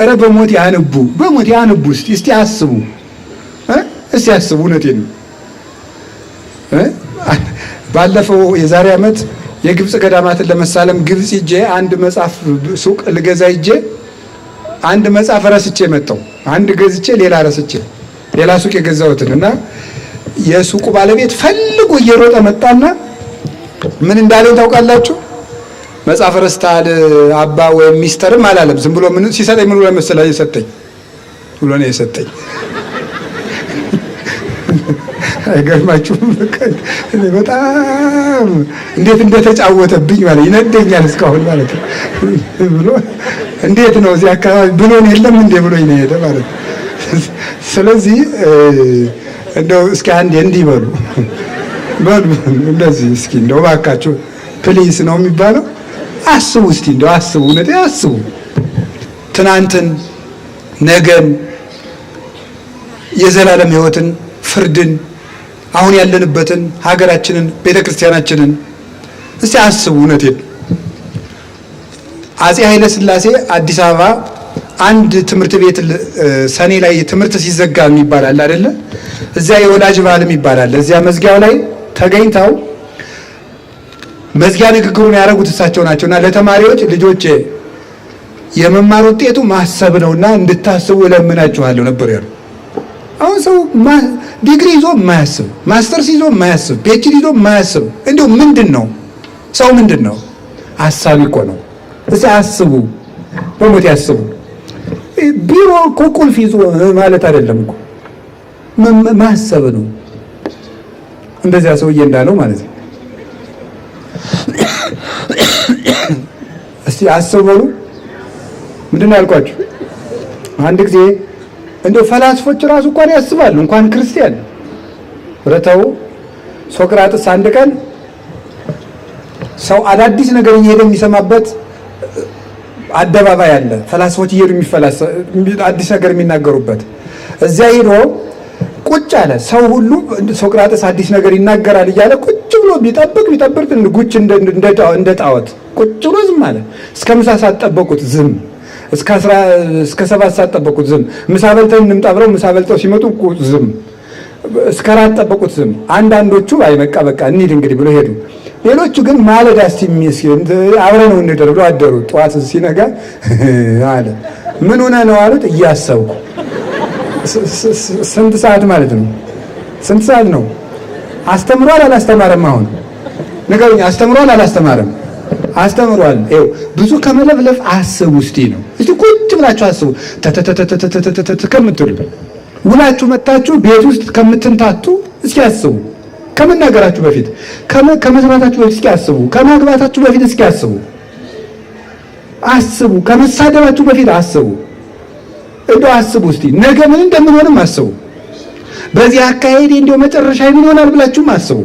ኧረ በሞት ያንቡ በሞት ያንቡ እስቲ እስቲ አስቡ እስቲ አስቡ። እውነቴን ባለፈው የዛሬ ዓመት የግብፅ ገዳማትን ለመሳለም ግብፅ ሂጄ አንድ መጽሐፍ ሱቅ ልገዛ ሂጄ አንድ መጽሐፍ ረስቼ መጣሁ። አንድ ገዝቼ ሌላ ረስቼ ሌላ ሱቅ የገዛሁትን እና የሱቁ ባለቤት ፈልጎ እየሮጠ መጣና ምን እንዳለኝ ታውቃላችሁ? መጽሐፍ ረስታል አባ ወይም ሚስተርም አላለም። ዝም ብሎ ምን ሲሰጠኝ ምን ብሎ መሰለህ የሰጠኝ ብሎ ነው የሰጠኝ። አይገርማችሁም? እኔ በጣም እንዴት እንደተጫወተብኝ ማለት ይነደኛል እስካሁን ማለት ነው። ብሎ እንዴት ነው እዚህ አካባቢ ብሎን የለም እንዴ ብሎ ነው የሄደ ማለት ነው። ስለዚህ እንደው እስኪ አንዴ እንዲህ በሉ በሉ እንደዚህ እስኪ እንደው እባካችሁ ፕሊስ ነው የሚባለው። አስቡ እስቲ እንደው አስቡ፣ እውነት አስቡ። ትናንትን፣ ነገን፣ የዘላለም ህይወትን፣ ፍርድን፣ አሁን ያለንበትን ሀገራችንን፣ ቤተክርስቲያናችንን እስቲ አስቡ። እውነቴን አፄ ኃይለ ስላሴ አዲስ አበባ አንድ ትምህርት ቤት ሰኔ ላይ ትምህርት ሲዘጋ የሚባል አለ አይደለ? እዚያ የወላጅ በዓልም ይባላል። እዚያ መዝጊያው ላይ ተገኝተው መዝጊያ ንግግሩን ያደረጉት እሳቸው ናቸው። እና ለተማሪዎች ልጆች የመማር ውጤቱ ማሰብ ነው እና እንድታስቡ እለምናችኋለሁ ነበር ያሉ። አሁን ሰው ዲግሪ ይዞ ማያስብ ማስተርስ ይዞ ማያስብ ፒኤችዲ ይዞ ማያስብ እንዲሁ ምንድን ነው ሰው ምንድን ነው? አሳቢ እኮ ነው። እዚ አስቡ፣ በሞት ያስቡ። ቢሮ እኮ ቁልፍ ይዞ ማለት አይደለም እኮ ማሰብ ነው። እንደዚያ ሰውዬ እንዳለው ማለት ነው። እስቲ አስብ ምንድን ነው ያልኳችሁ? አንድ ጊዜ እንደው ፈላስፎች ራሱ እንኳን ያስባሉ እንኳን ክርስቲያን ረተው ሶቅራጥስ አንድ ቀን ሰው አዳዲስ ነገር እየሄደ የሚሰማበት አደባባይ አለ። ፈላስፎች እየሄዱ አዲስ ነገር የሚናገሩበት እዚያ ሄዶ ቁጭ አለ ሰው ሁሉ ሶቅራጥስ አዲስ ነገር ይናገራል እያለ ቁጭ ብሎ ቢጠብቅ ቢጠብቅ ጉች እንደ ጣዖት ቁጭ ብሎ ዝም አለ። እስከ ምሳ ሳትጠበቁት ዝም እስከ ሰባት ሳትጠበቁት ዝም። ምሳ በልተን እንምጣ ብለው ምሳ በልተው ሲመጡ ዝም። እስከ ራት ጠበቁት ዝም። አንዳንዶቹ አይ በቃ በቃ እንሂድ እንግዲህ ብሎ ሄዱ። ሌሎቹ ግን ማለዳ እስቲ አብረን ነው እንደር ብሎ አደሩ። ጠዋት ሲነጋ አለ ምን ሆነ ነው አሉት እያሰብኩ ስንት ሰዓት ማለት ነው? ስንት ሰዓት ነው? አስተምሯል አላስተማረም? አሁን ንገሩኝ። አስተምሯል አላስተማረም? አስተምሯል። ይኸው ብዙ ከመለፍለፍ አስቡ እስቲ ነው። እስቲ ቁጭ ብላችሁ አስቡ ከምትሉ ውላችሁ መታችሁ ቤት ውስጥ ከምትንታቱ እስኪ አስቡ። ከመናገራችሁ በፊት ከመስራታችሁ በፊት እስኪ አስቡ። ከማግባታችሁ በፊት እስኪ አስቡ። አስቡ። ከመሳደባችሁ በፊት አስቡ። እንደው አስቡ እስቲ ነገ ምን እንደምንሆንም አስቡ። በዚህ አካሄድ እንደው መጨረሻ ምን ይሆናል ብላችሁም አስቡ።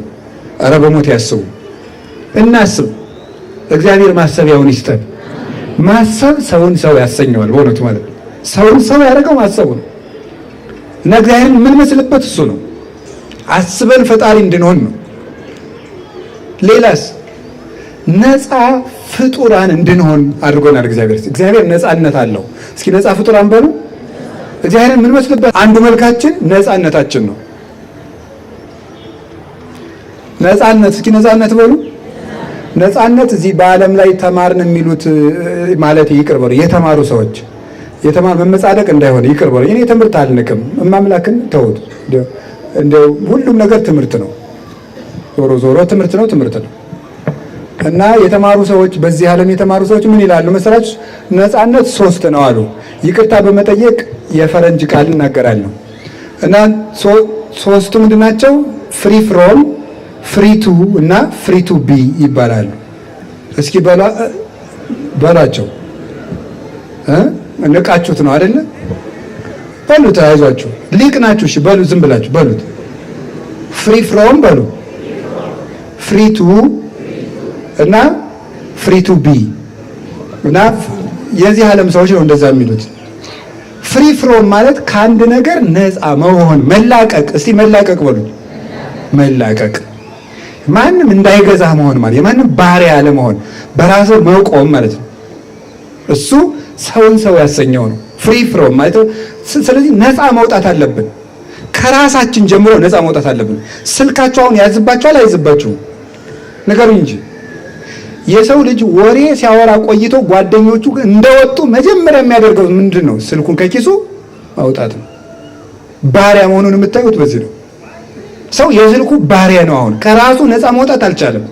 ኧረ በሞት ያስቡ። እናስብ። እግዚአብሔር ማሰቢያውን ይስጠን። ማሰብ ሰውን ሰው ያሰኘዋል። በእውነቱ ማለት ሰውን ሰው ያደረገው ማሰቡ ነው እና እግዚአብሔርን የምንመስልበት እሱ ነው። አስበን ፈጣሪ እንድንሆን ነው። ሌላስ ነፃ ፍጡራን እንድንሆን አድርጎናል እግዚአብሔር። እግዚአብሔር ነፃነት አለው። እስኪ ነፃ ፍጡራን በሉ እግዚአብሔርን የምንመስልበት አንዱ መልካችን ነፃነታችን ነው። ነፃነት እስኪ ነፃነት በሉ። ነፃነት እዚህ በዓለም ላይ ተማርን የሚሉት ማለት ይቅር በሉ የተማሩ ሰዎች የተማር መመጻደቅ እንዳይሆን ይቅር በሉ። እኔ ትምህርት አልንቅም፣ እማምላክን ተውት። እንደው ሁሉም ነገር ትምህርት ነው። ዞሮ ዞሮ ትምህርት ነው፣ ትምህርት ነው እና የተማሩ ሰዎች በዚህ ዓለም የተማሩ ሰዎች ምን ይላሉ መሰላችሁ? ነፃነት ሶስት ነው አሉ። ይቅርታ በመጠየቅ የፈረንጅ ቃል እናገራለሁ እና ሶስቱ ምንድን ናቸው? ፍሪ ፍሮም፣ ፍሪ ቱ እና ፍሪ ቱ ቢ ይባላሉ። እስኪ በሏቸው። ንቃችሁት ነው አይደለ? በሉት፣ አይዟችሁ፣ ሊቅ ናችሁ። እሺ በሉ፣ ዝም ብላችሁ በሉት። ፍሪ ፍሮም በሉ፣ ፍሪ ቱ እና ፍሪ ቱ ቢ እና የዚህ ዓለም ሰዎች ነው እንደዛ የሚሉት። ፍሪ ፍሮም ማለት ከአንድ ነገር ነፃ መሆን መላቀቅ። እስቲ መላቀቅ በሉ። መላቀቅ ማንም እንዳይገዛ መሆን ማለት የማንም ባሪያ አለመሆን፣ በራስህ መቆም ማለት ነው። እሱ ሰውን ሰው ያሰኘው ነው። ፍሪ ፍሮም ማለት ስለዚህ ነፃ መውጣት አለብን። ከራሳችን ጀምሮ ነፃ መውጣት አለብን። ስልካችሁ አሁን ያዝባችኋል አይዝባችሁም? ነገሩ እንጂ የሰው ልጅ ወሬ ሲያወራ ቆይቶ ጓደኞቹ እንደወጡ መጀመሪያ የሚያደርገው ምንድን ነው? ስልኩን ከኪሱ ማውጣት ነው። ባሪያ መሆኑን የምታዩት በዚህ ነው። ሰው የስልኩ ባሪያ ነው። አሁን ከራሱ ነፃ መውጣት አልቻለም።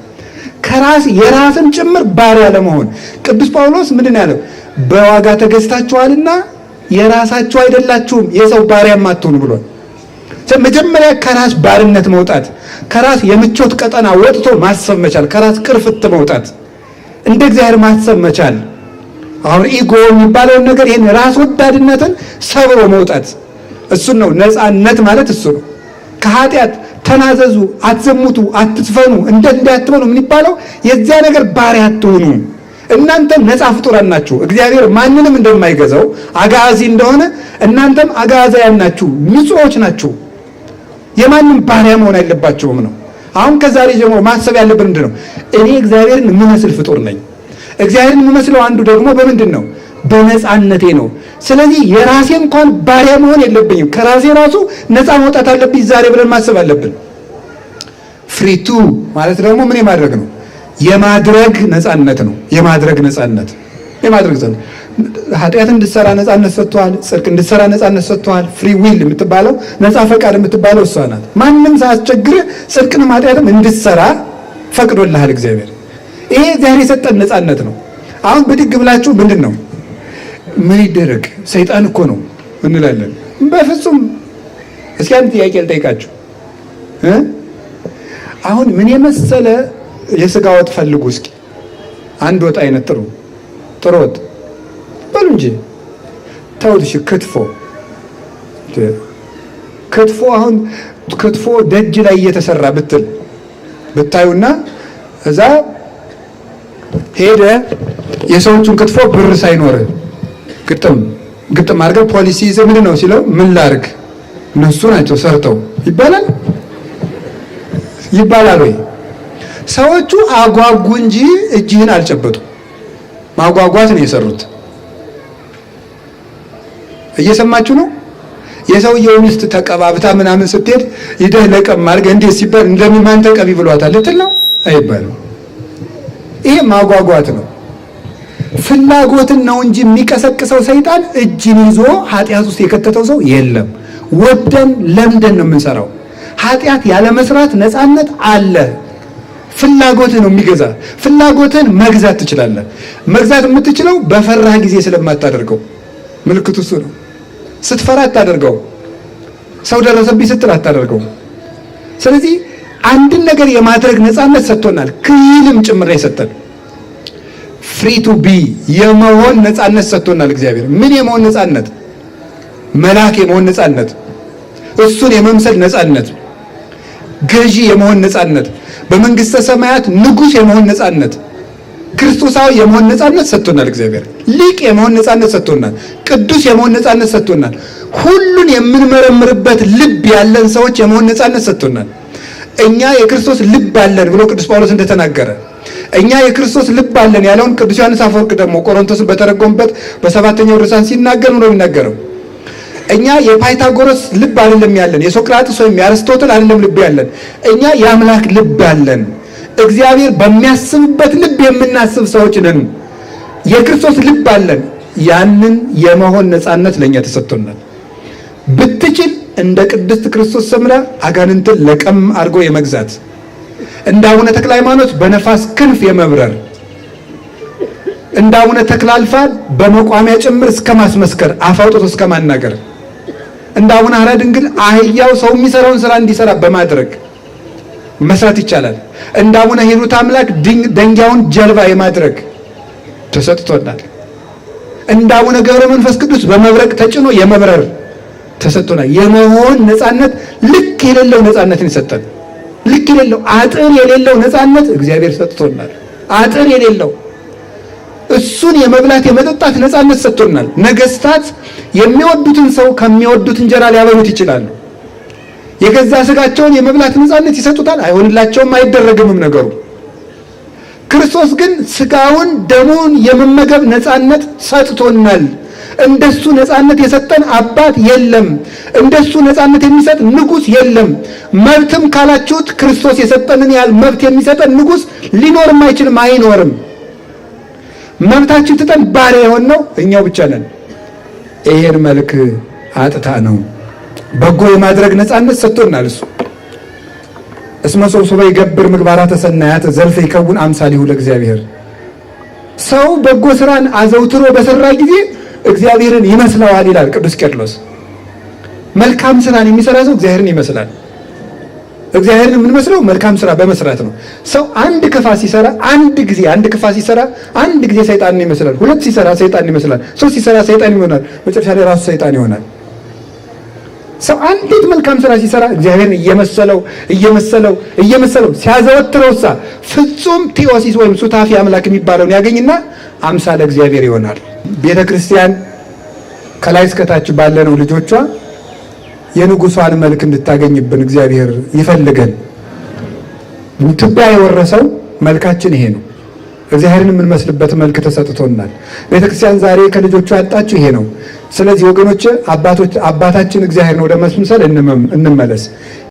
ከራስ የራስን ጭምር ባሪያ ለመሆን ቅዱስ ጳውሎስ ምንድን ያለው? በዋጋ ተገዝታችኋልና የራሳችሁ አይደላችሁም የሰው ባሪያም አትሆኑ ብሏል። መጀመሪያ ከራስ ባርነት መውጣት፣ ከራስ የምቾት ቀጠና ወጥቶ ማሰብ መቻል፣ ከራስ ቅርፍት መውጣት፣ እንደ እግዚአብሔር ማሰብ መቻል። አሁን ኢጎ የሚባለውን ነገር ይህን ራስ ወዳድነትን ሰብሮ መውጣት እሱን ነው ነፃነት ማለት እሱ ነው። ከኃጢአት ተናዘዙ፣ አትዘሙቱ፣ አትትፈኑ፣ እንደ እንዳትሆኑ የሚባለው የዚያ ነገር ባሪያ አትሆኑ። እናንተም ነፃ ፍጡራን ናችሁ። እግዚአብሔር ማንንም እንደማይገዛው አጋዚ እንደሆነ እናንተም አጋዛያን ናችሁ፣ ንጹዎች ናችሁ። የማንም ባሪያ መሆን አይገባቸውም ነው። አሁን ከዛሬ ጀምሮ ማሰብ ያለብን ምንድን ነው? እኔ እግዚአብሔርን የምመስል ፍጡር ነኝ። እግዚአብሔርን የምመስለው አንዱ ደግሞ በምንድን ነው? በነፃነቴ ነው። ስለዚህ የራሴ እንኳን ባሪያ መሆን የለብኝም። ከራሴ ራሱ ነፃ መውጣት አለብኝ ዛሬ ብለን ማሰብ አለብን። ፍሪቱ ማለት ደግሞ ምን የማድረግ ነው? የማድረግ ነፃነት ነው። የማድረግ ነፃነት የማድረግ ዘንድ ኃጢአት እንድትሰራ ነፃነት ሰጥቷል። ጽድቅ እንድትሰራ ነፃነት ሰጥቷል። ፍሪ ዊል የምትባለው ነፃ ፈቃድ የምትባለው እሷ ናት። ማንም ሳያስቸግር ጽድቅንም ኃጢአትም እንድትሰራ ፈቅዶልሃል እግዚአብሔር። ይሄ እግዚአብሔር የሰጠን ነፃነት ነው። አሁን ብድግ ብላችሁ ምንድን ነው ምን ይደረግ ሰይጣን እኮ ነው እንላለን። በፍጹም እስኪ አንድ ጥያቄ ልጠይቃችሁ። አሁን ምን የመሰለ የስጋ ወጥ ፈልጉ እስኪ አንድ ወጥ አይነት ጥሩ ጥሩ ወጥ በሉ እንጂ ተውት። እሺ ክትፎ ክትፎ አሁን ክትፎ ደጅ ላይ እየተሰራ ብትል ብታዩና እዛ ሄደ የሰዎቹን ክትፎ ብር ሳይኖር ግጥም ግጥም አድርገህ ፖሊሲ ይዘህ ምንድን ነው ሲለው ምን ላድርግ እነሱ ናቸው ሰርተው ይባላል ይባላል ወይ? ሰዎቹ አጓጉ እንጂ እጅህን አልጨበጡም። ማጓጓት ነው የሰሩት። እየሰማችሁ ነው። የሰውየው ሚስት ተቀባብታ ምናምን ስትሄድ ይደህ ለቀም ማድረግ እንዴት ሲባል ማን ተቀቢ ብሏታል ልትል ነው አይባልም። ይሄ ማጓጓት ነው። ፍላጎትን ነው እንጂ የሚቀሰቅሰው ሰይጣን እጅን ይዞ ኃጢአት ውስጥ የከተተው ሰው የለም። ወደን ለምደን ነው የምንሰራው። ኃጢአት ያለ መስራት ነፃነት አለ። ፍላጎትህ ነው የሚገዛ። ፍላጎትን መግዛት ትችላለህ። መግዛት የምትችለው በፈራህ ጊዜ ስለማታደርገው ምልክቱ እሱ ነው። ስትፈራ አታደርገው። ሰው ደረሰብኝ ስትል አታደርገው። ስለዚህ አንድን ነገር የማድረግ ነፃነት ሰጥቶናል። ክይልም ጭምር የሰጠን ፍሪ ቱ ቢ የመሆን ነፃነት ሰጥቶናል እግዚአብሔር። ምን የመሆን ነፃነት? መልአክ የመሆን ነፃነት፣ እሱን የመምሰል ነፃነት፣ ገዢ የመሆን ነፃነት በመንግስተ ሰማያት ንጉስ የመሆን ነፃነት ክርስቶሳዊ የመሆን ነፃነት ሰጥቶናል። እግዚአብሔር ሊቅ የመሆን ነፃነት ሰጥቶናል። ቅዱስ የመሆን ነፃነት ሰጥቶናል። ሁሉን የምንመረምርበት ልብ ያለን ሰዎች የመሆን ነፃነት ሰጥቶናል። እኛ የክርስቶስ ልብ አለን ብሎ ቅዱስ ጳውሎስ እንደተናገረ እኛ የክርስቶስ ልብ አለን ያለውን ቅዱስ ዮሐንስ አፈወርቅ ደግሞ ቆሮንቶስን በተረጎምበት በሰባተኛው ድርሳን ሲናገር ነው የሚናገረው እኛ የፓይታጎረስ ልብ አይደለም ያለን፣ የሶቅራጥስ ወይም የአርስቶትል አይደለም ልብ ያለን። እኛ የአምላክ ልብ አለን። እግዚአብሔር በሚያስብበት ልብ የምናስብ ሰዎች ነን። የክርስቶስ ልብ አለን። ያንን የመሆን ነፃነት ለእኛ ተሰጥቶናል። ብትችል እንደ ቅድስት ክርስቶስ ሰምራ አጋንንትን ለቀም አድርጎ የመግዛት እንደ አቡነ ተክለ ሃይማኖት በነፋስ ክንፍ የመብረር እንደ አቡነ ተክለ አልፋ በመቋሚያ ጭምር እስከ ማስመስከር አፋውጦት እስከ ማናገር እንደ አቡነ ሐራ ድንግል አህያው ሰው የሚሰራውን ስራ እንዲሰራ በማድረግ መስራት ይቻላል። እንደ አቡነ ሂሩት አምላክ ደንጊያውን ጀልባ የማድረግ ተሰጥቶናል። እንደ አቡነ ገብረ መንፈስ ቅዱስ በመብረቅ ተጭኖ የመብረር ተሰጥቶናል። የመሆን ነፃነት ልክ የሌለው ነፃነትን ይሰጠን። ልክ የሌለው አጥር የሌለው ነፃነት እግዚአብሔር ሰጥቶናል። አጥር የሌለው እሱን የመብላት የመጠጣት ነፃነት ሰጥቶናል። ነገስታት የሚወዱትን ሰው ከሚወዱት እንጀራ ሊያበሉት ይችላሉ። የገዛ ስጋቸውን የመብላት ነፃነት ይሰጡታል። አይሆንላቸውም፣ አይደረግምም ነገሩ። ክርስቶስ ግን ስጋውን ደሙን የመመገብ ነፃነት ሰጥቶናል። እንደሱ ነፃነት የሰጠን አባት የለም። እንደሱ ነፃነት የሚሰጥ ንጉስ የለም። መብትም ካላችሁት ክርስቶስ የሰጠንን ያህል መብት የሚሰጠን ንጉስ ሊኖርም አይችልም፣ አይኖርም። መብታችን ትጠን ባሪያ የሆን ነው እኛው ብቻ ነን። ይሄን መልክ አጥታ ነው በጎ የማድረግ ነፃነት ሰጥቶናል። እሱ እስመ ሰው ይገብር ምግባራተ ሰናያት ዘልፈ ይከውን አምሳሊሁ ለእግዚአብሔር። ሰው በጎ ስራን አዘውትሮ በሰራ ጊዜ እግዚአብሔርን ይመስለዋል ይላል ቅዱስ ቄርሎስ። መልካም ስራን የሚሰራ ሰው እግዚአብሔርን ይመስላል። እግዚአብሔርን የምንመስለው መልካም ስራ በመስራት ነው። ሰው አንድ ክፋ ሲሰራ አንድ ጊዜ አንድ ክፋ ሲሰራ አንድ ጊዜ ሰይጣንን ይመስላል። ሁለት ሲሰራ ሰይጣንን ይመስላል። ሶስት ሲሰራ ሰይጣን ይሆናል። መጨረሻ ላይ ራሱ ሰይጣን ይሆናል። ሰው አንዲት መልካም ስራ ሲሰራ እግዚአብሔርን እየመሰለው እየመሰለው እየመሰለው ሲያዘወትረውሳ ፍጹም ቴዎሲስ ወይም ሱታፊ አምላክ የሚባለውን ያገኝና አምሳለ እግዚአብሔር ይሆናል። ቤተ ክርስቲያን ከላይ እስከታች ባለነው ልጆቿ የንጉሷን መልክ እንድታገኝብን እግዚአብሔር ይፈልገን። ኢትዮጵያ የወረሰው መልካችን ይሄ ነው። እግዚአብሔርን የምንመስልበት መልክ ተሰጥቶናል። ቤተክርስቲያን ዛሬ ከልጆቹ ያጣችው ይሄ ነው። ስለዚህ ወገኖች አባቶች አባታችን እግዚአብሔርን ወደ መስምሰል እንመለስ።